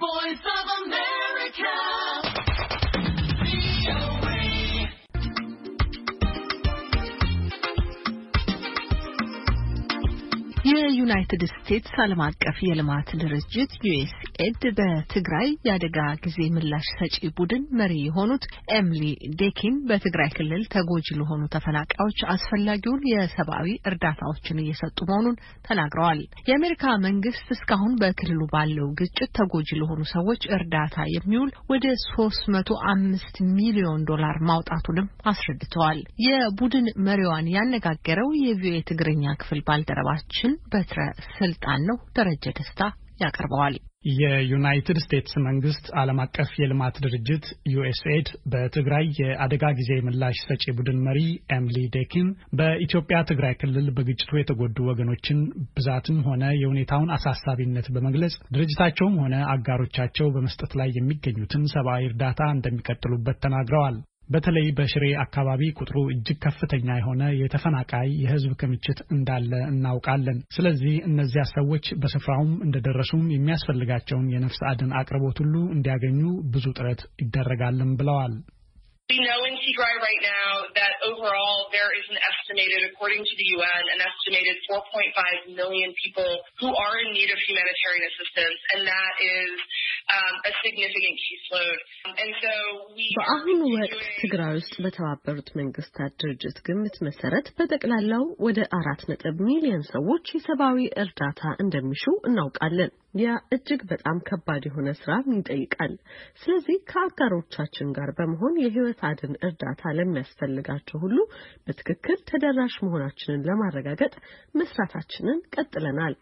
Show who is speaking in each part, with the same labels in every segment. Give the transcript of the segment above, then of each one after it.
Speaker 1: voice of America. ዩናይትድ ስቴትስ ዓለም አቀፍ የልማት ድርጅት ዩኤስኤድ በትግራይ የአደጋ ጊዜ ምላሽ ሰጪ ቡድን መሪ የሆኑት ኤምሊ ዴኪን በትግራይ ክልል ተጎጂ ለሆኑ ተፈናቃዮች አስፈላጊውን የሰብአዊ እርዳታዎችን እየሰጡ መሆኑን ተናግረዋል። የአሜሪካ መንግስት እስካሁን በክልሉ ባለው ግጭት ተጎጂ ለሆኑ ሰዎች እርዳታ የሚውል ወደ ሶስት መቶ አምስት ሚሊዮን ዶላር ማውጣቱንም አስረድተዋል። የቡድን መሪዋን ያነጋገረው የቪኦኤ ትግርኛ ክፍል ባልደረባችን በትረ የከበረ ስልጣን ነው። ደረጀ ደስታ ያቀርበዋል።
Speaker 2: የዩናይትድ ስቴትስ መንግስት ዓለም አቀፍ የልማት ድርጅት ዩኤስኤድ በትግራይ የአደጋ ጊዜ ምላሽ ሰጪ ቡድን መሪ ኤምሊ ዴኪን በኢትዮጵያ ትግራይ ክልል በግጭቱ የተጎዱ ወገኖችን ብዛትም ሆነ የሁኔታውን አሳሳቢነት በመግለጽ ድርጅታቸውም ሆነ አጋሮቻቸው በመስጠት ላይ የሚገኙትን ሰብአዊ እርዳታ እንደሚቀጥሉበት ተናግረዋል። በተለይ በሽሬ አካባቢ ቁጥሩ እጅግ ከፍተኛ የሆነ የተፈናቃይ የህዝብ ክምችት እንዳለ እናውቃለን። ስለዚህ እነዚያ ሰዎች በስፍራውም እንደደረሱም የሚያስፈልጋቸውን የነፍስ አድን አቅርቦት ሁሉ እንዲያገኙ ብዙ ጥረት ይደረጋልን ብለዋል።
Speaker 1: Um, um, በአሁኑ ወቅት ትግራይ ውስጥ በተባበሩት መንግስታት ድርጅት ግምት መሰረት በጠቅላላው ወደ አራት ነጥብ ሚሊዮን ሰዎች የሰብአዊ እርዳታ እንደሚሹ እናውቃለን። ያ እጅግ በጣም ከባድ የሆነ ስራም ይጠይቃል። ስለዚህ ከአጋሮቻችን ጋር በመሆን የህይወት አድን እርዳታ ለሚያስፈልጋቸው ሁሉ በትክክል ተደራሽ መሆናችንን ለማረጋገጥ መስራታችንን ቀጥለናል።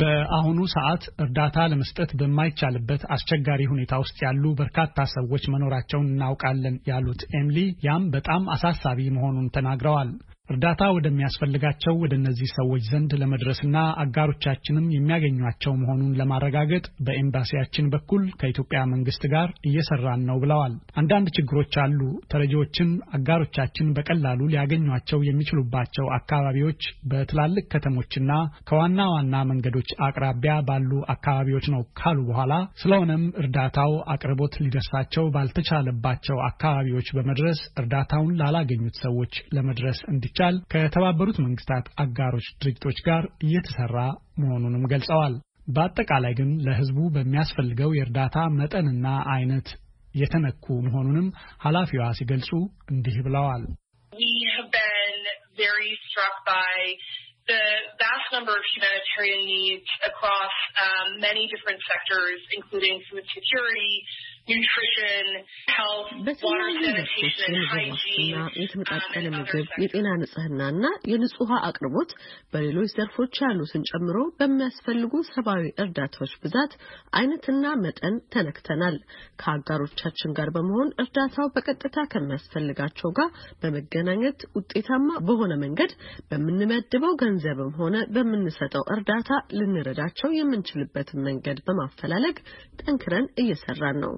Speaker 2: በአሁኑ ሰዓት እርዳታ ለመስጠት በማይቻልበት አስቸጋሪ ሁኔታ ውስጥ ያሉ በርካታ ሰዎች መኖራቸውን እናውቃለን ያሉት ኤምሊ ያም በጣም አሳሳቢ መሆኑን ተናግረዋል። እርዳታ ወደሚያስፈልጋቸው ወደ እነዚህ ሰዎች ዘንድ ለመድረስና አጋሮቻችንም የሚያገኟቸው መሆኑን ለማረጋገጥ በኤምባሲያችን በኩል ከኢትዮጵያ መንግስት ጋር እየሰራን ነው ብለዋል። አንዳንድ ችግሮች አሉ። ተረጂዎችን አጋሮቻችን በቀላሉ ሊያገኟቸው የሚችሉባቸው አካባቢዎች በትላልቅ ከተሞችና ከዋና ዋና መንገዶች አቅራቢያ ባሉ አካባቢዎች ነው ካሉ በኋላ ስለሆነም እርዳታው አቅርቦት ሊደርሳቸው ባልተቻለባቸው አካባቢዎች በመድረስ እርዳታውን ላላገኙት ሰዎች ለመድረስ እንዲ እንዲቻል ከተባበሩት መንግስታት አጋሮች ድርጅቶች ጋር እየተሰራ መሆኑንም ገልጸዋል። በአጠቃላይ ግን ለህዝቡ በሚያስፈልገው የእርዳታ መጠንና አይነት የተነኩ መሆኑንም ኃላፊዋ ሲገልጹ እንዲህ ብለዋል።
Speaker 1: በተለያዩ ዘርፎች የምግብ ዋስትና፣ um, የተመጣጠነ ምግብ፣ የጤና ንጽህናና የንጹህ ውሃ አቅርቦት በሌሎች ዘርፎች ያሉትን ጨምሮ በሚያስፈልጉ ሰብአዊ እርዳታዎች ብዛት አይነትና መጠን ተነክተናል። ከአጋሮቻችን ጋር በመሆን እርዳታው በቀጥታ ከሚያስፈልጋቸው ጋር በመገናኘት ውጤታማ በሆነ መንገድ በምንመድበው ገንዘብም ሆነ በምንሰጠው እርዳታ ልንረዳቸው የምንችልበትን መንገድ በማፈላለግ ጠንክረን እየሰራን ነው።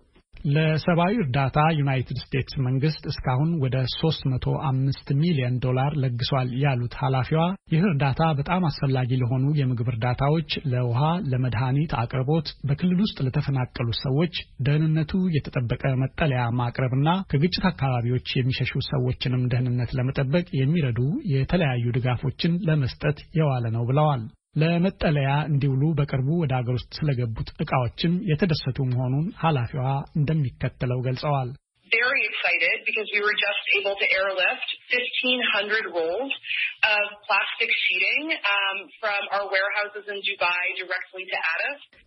Speaker 2: ለሰብአዊ እርዳታ ዩናይትድ ስቴትስ መንግስት እስካሁን ወደ 305 ሚሊዮን ዶላር ለግሷል ያሉት ኃላፊዋ ይህ እርዳታ በጣም አስፈላጊ ለሆኑ የምግብ እርዳታዎች፣ ለውሃ፣ ለመድኃኒት አቅርቦት፣ በክልል ውስጥ ለተፈናቀሉ ሰዎች ደህንነቱ የተጠበቀ መጠለያ ማቅረብና ከግጭት አካባቢዎች የሚሸሹ ሰዎችንም ደህንነት ለመጠበቅ የሚረዱ የተለያዩ ድጋፎችን ለመስጠት የዋለ ነው ብለዋል። ለመጠለያ እንዲውሉ በቅርቡ ወደ አገር ውስጥ ስለገቡት እቃዎችም የተደሰቱ መሆኑን ኃላፊዋ እንደሚከተለው ገልጸዋል።
Speaker 1: Very excited because we were just able to airlift 1,500 rolls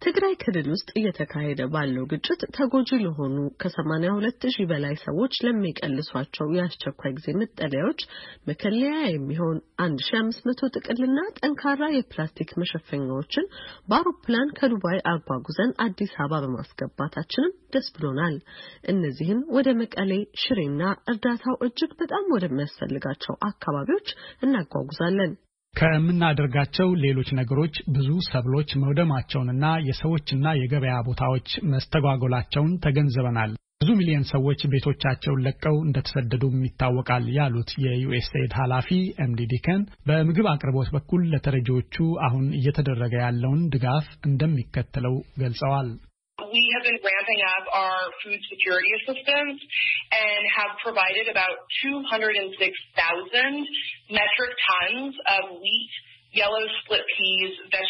Speaker 1: ትግራይ ክልል ውስጥ እየተካሄደ ባለው ግጭት ተጎጂ ለሆኑ ከ 82 ሺህ በላይ ሰዎች ለሚቀልሷቸው የአስቸኳይ ጊዜ መጠለያዎች መከለያ የሚሆን 1500 ጥቅልና ጠንካራ የፕላስቲክ መሸፈኛዎችን በአውሮፕላን ከዱባይ አጓጉዘን አዲስ አበባ በማስገባታችንም ደስ ብሎናል። እነዚህን ወደ መቀሌ ሽሬና እርዳታው እጅግ በጣም ወደሚያስፈልጋቸው አካባቢዎች እና እናጓጉዛለን።
Speaker 2: ከምናደርጋቸው ሌሎች ነገሮች ብዙ ሰብሎች መውደማቸውንና የሰዎችና የገበያ ቦታዎች መስተጓጎላቸውን ተገንዝበናል። ብዙ ሚሊዮን ሰዎች ቤቶቻቸውን ለቀው እንደተሰደዱም ይታወቃል ያሉት የዩኤስኤድ ኃላፊ ኤምዲ ዲከን በምግብ አቅርቦት በኩል ለተረጂዎቹ አሁን እየተደረገ ያለውን ድጋፍ እንደሚከተለው ገልጸዋል።
Speaker 1: we have been ramping up our food security assistance and have provided about 206,000 metric tons of wheat, yellow split peas, vegetables,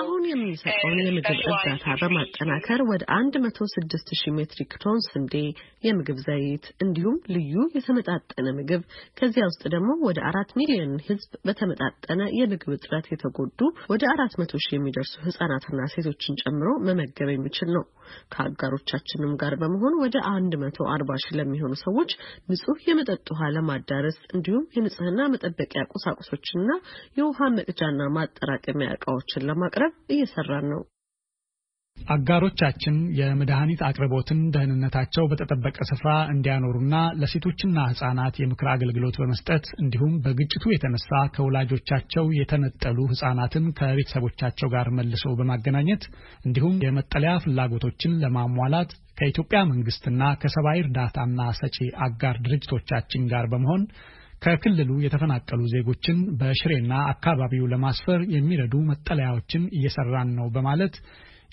Speaker 1: አሁን የምንሰጠውን የምግብ እርዳታ በማጠናከር ወደ አንድ መቶ ስድስት ሺህ ሜትሪክ ቶን ስንዴ፣ የምግብ ዘይት እንዲሁም ልዩ የተመጣጠነ ምግብ ከዚያ ውስጥ ደግሞ ወደ አራት ሚሊዮን ህዝብ በተመጣጠነ የምግብ እጥረት የተጎዱ ወደ አራት መቶ ሺህ የሚደርሱ ህጻናትና ሴቶችን ጨምሮ መመገብ የሚችል ነው። ከአጋሮቻችንም ጋር በመሆን ወደ አንድ መቶ አርባ ሺህ ለሚሆኑ ሰዎች ንጹህ የመጠጥ ውሃ ለማዳረስ እንዲሁም የንጽህና መጠበቂያ ቁሳቁሶችንና የውሃ መቅጃና ማጠራቀሚያ እቃዎችን አቅርቦትን ለማቅረብ እየሰራን ነው።
Speaker 2: አጋሮቻችን የመድኃኒት አቅርቦትን ደህንነታቸው በተጠበቀ ስፍራ እንዲያኖሩና ለሴቶችና ህጻናት የምክር አገልግሎት በመስጠት እንዲሁም በግጭቱ የተነሳ ከወላጆቻቸው የተነጠሉ ህጻናትን ከቤተሰቦቻቸው ጋር መልሶ በማገናኘት እንዲሁም የመጠለያ ፍላጎቶችን ለማሟላት ከኢትዮጵያ መንግስትና ከሰብአዊ እርዳታና ሰጪ አጋር ድርጅቶቻችን ጋር በመሆን ከክልሉ የተፈናቀሉ ዜጎችን በሽሬና አካባቢው ለማስፈር የሚረዱ መጠለያዎችን እየሰራን ነው በማለት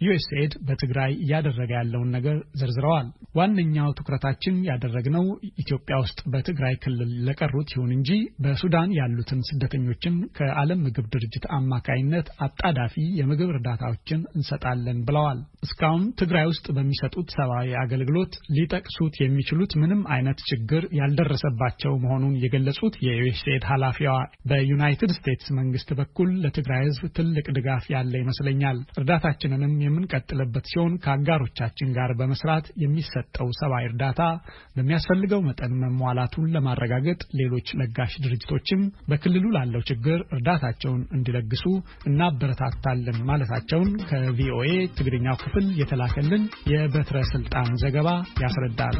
Speaker 2: ዩኤስኤድ በትግራይ እያደረገ ያለውን ነገር ዘርዝረዋል። ዋነኛው ትኩረታችን ያደረግነው ኢትዮጵያ ውስጥ በትግራይ ክልል ለቀሩት ይሁን እንጂ በሱዳን ያሉትን ስደተኞችን ከዓለም ምግብ ድርጅት አማካይነት አጣዳፊ የምግብ እርዳታዎችን እንሰጣለን ብለዋል። እስካሁን ትግራይ ውስጥ በሚሰጡት ሰብአዊ አገልግሎት ሊጠቅሱት የሚችሉት ምንም አይነት ችግር ያልደረሰባቸው መሆኑን የገለጹት የዩኤስኤድ ኃላፊዋ በዩናይትድ ስቴትስ መንግስት በኩል ለትግራይ ሕዝብ ትልቅ ድጋፍ ያለ ይመስለኛል እርዳታችንንም የምንቀጥልበት ሲሆን ከአጋሮቻችን ጋር በመስራት የሚሰጠው ሰብአዊ እርዳታ በሚያስፈልገው መጠን መሟላቱን ለማረጋገጥ ሌሎች ለጋሽ ድርጅቶችም በክልሉ ላለው ችግር እርዳታቸውን እንዲለግሱ እናበረታታለን ማለታቸውን ከቪኦኤ ትግርኛው ክፍል የተላከልን የበትረ ስልጣን ዘገባ ያስረዳል።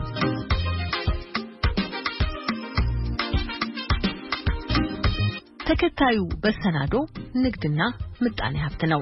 Speaker 1: ተከታዩ በሰናዶ ንግድና ምጣኔ ሀብት ነው።